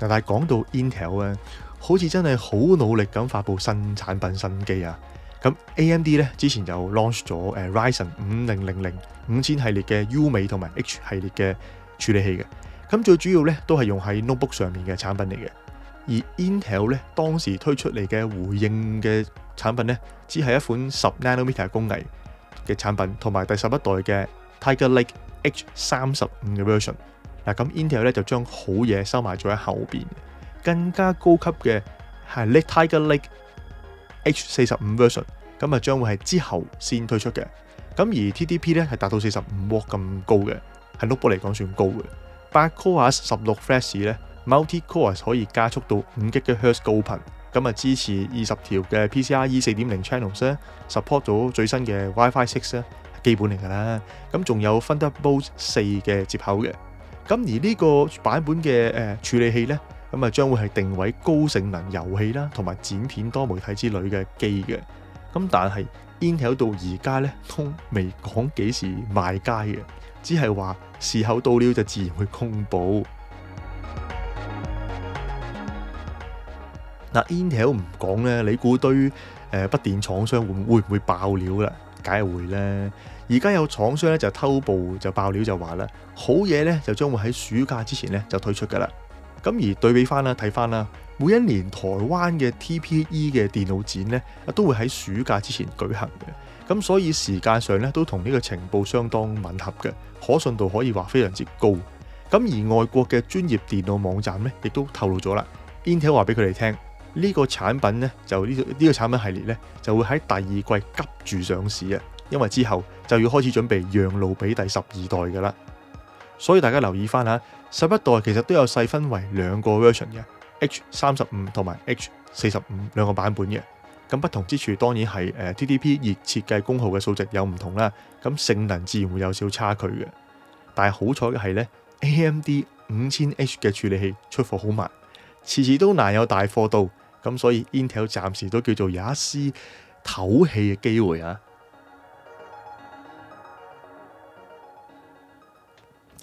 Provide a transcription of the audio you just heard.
嗱，但係講到 Intel 咧，好似真係好努力咁發佈新產品、新機啊！咁 AMD 咧，之前就 launch 咗誒 Ryzen 五零零零五千系列嘅 U 美同埋 H 系列嘅處理器嘅，咁最主要咧都係用喺 notebook 上面嘅產品嚟嘅。而 Intel 咧當時推出嚟嘅回應嘅產品咧，只係一款十 nanometer 工藝嘅產品，同埋第十一代嘅 Tiger Lake H 三十五嘅 version。嗱，咁 Intel 咧就將好嘢收埋咗喺後邊，更加高級嘅係 Lead Tiger Lake H 四十五 version，咁啊將會係之後先推出嘅。咁而 TDP 咧係達到四十五瓦咁高嘅，係 notebook 嚟講算高嘅。八 Core 十六 Fresh 咧，Multi Core 可以加速到五吉嘅 Hertz 高頻，咁啊支持二十條嘅 PCIe 四點零 Channels 咧，support 到最新嘅 WiFi Six 咧，基本嚟㗎啦。咁仲有 Thunderbolt 四嘅接口嘅。咁而呢個版本嘅誒處理器呢，咁啊將會係定位高性能遊戲啦，同埋剪片多媒體之類嘅機嘅。咁但係 Intel 到而家呢，都未講幾時賣街嘅，只係話時候到了就自然會公布。嗱 Intel 唔講呢，你估堆誒筆電廠商會會唔會爆料啦？解會咧，而家有廠商咧就偷步就爆料就話啦，好嘢咧就將會喺暑假之前咧就推出㗎啦。咁而對比翻啦，睇翻啦，每一年台灣嘅 TPE 嘅電腦展咧，都會喺暑假之前舉行嘅。咁所以時間上咧都同呢個情報相當吻合嘅，可信度可以話非常之高。咁而外國嘅專業電腦網站咧，亦都透露咗啦。Intel 話俾佢哋聽。呢個產品咧就呢個呢個產品系列咧就會喺第二季急住上市啊，因為之後就要開始準備讓路俾第十二代嘅啦。所以大家留意翻下，十一代其實都有細分為兩個 version 嘅 H 三十五同埋 H 四十五兩個版本嘅。咁不同之處當然係誒 TDP 熱設計功耗嘅數值有唔同啦，咁性能自然會有少少差距嘅。但係好彩嘅係呢 AMD 五千 H 嘅處理器出貨好慢，次次都難有大貨到。咁所以 Intel 暫時都叫做有一絲透氣嘅機會啊！